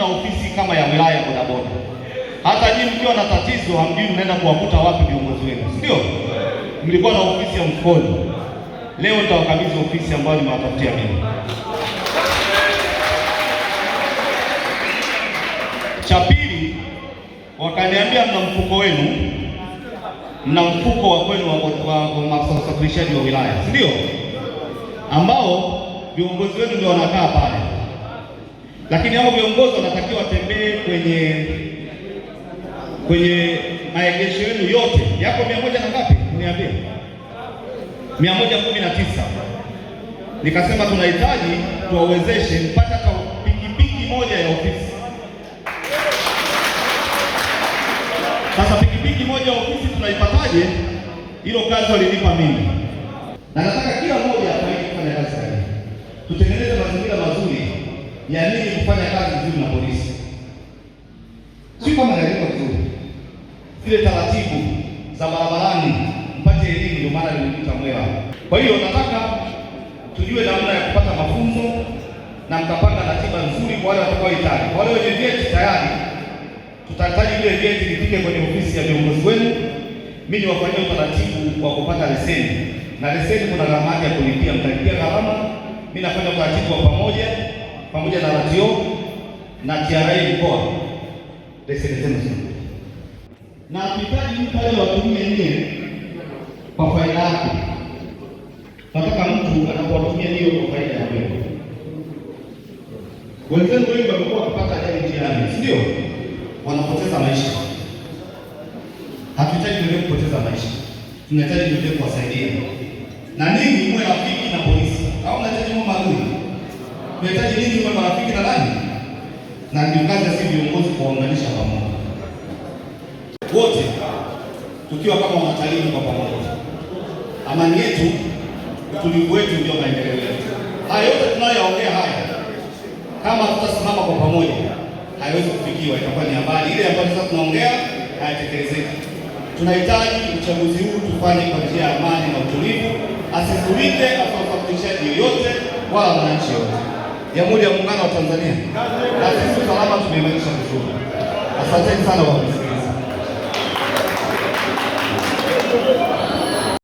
tuna ofisi kama ya wilaya bodaboda. Hata nyinyi mkiwa na tatizo hamjui mnaenda kuwakuta wapi viongozi wenu, sindio Mlikuwa na ofisi ya mkoa, leo nitawakabidhi ofisi ambayo nimewatafutia mimi. Cha pili, wakaniambia mna mfuko wenu, mna mfuko wa kwenu wa wasafirishaji wa wilaya, sindio ndio? ambao viongozi wenu ndio wanakaa pale lakini hao viongozi wanatakiwa watembee kwenye kwenye maegesho yenu yote. Yako mia moja na ngapi? Niambie, mia moja kumi na tisa. Nikasema tunahitaji tuwawezeshe mpaka kwa pikipiki moja ya ofisi. Sasa pikipiki moja ya ofisi tunaipataje? Hilo kazi walinipa mimi na nataka ya nini kufanya kazi vizuri na polisi, sio kama naelekwa tu zile taratibu za barabarani, mpate elimu. Ndio maana nilikuta Mwewa. Kwa hiyo nataka tujue namna ya kupata mafunzo na mtapanga ratiba nzuri kwa wale watakaohitaji. Kwa wale wenye vyeti tayari, tutahitaji vile vyeti vifike kwenye ofisi ya viongozi wenu, mimi niwafanyie utaratibu wa kupata leseni, na leseni kuna gharama ya kulipia, mtalipia gharama. Mimi nafanya utaratibu wa pamoja pamoja na ratio na TRA mkoa na mtu pale watumie nini kwa faida yako. Nataka mtu anapowatumia hiyo kwa faida ya wewe. Wenzenu wengi wamekuwa wakipata ajali njiani, si ndio? Wanapoteza maisha. Hatuhitaji kupoteza maisha, tunahitaji kuwasaidia. tunahitaji nini kwa marafiki na nani? Na ndio kazi ya viongozi kuwaunganisha pamoja, wote tukiwa kama watalii kwa pamoja. Amani yetu, utulivu wetu ndio maendeleo yetu. Haya yote tunayoyaongea haya, kama tutasimama kwa pamoja, haiwezi kufikiwa, itakuwa ni habari ile ambayo sasa tunaongea hayatekelezeki. Tunahitaji uchaguzi huu tufanye kwa njia ya amani na utulivu, asifurike afaafakilishaji yoyote wala wananchi yote. Jamhuri ya Muungano wa Tanzania, na sisi usalama tumeimarisha vizuri. Asanteni sana kwa kusikiliza.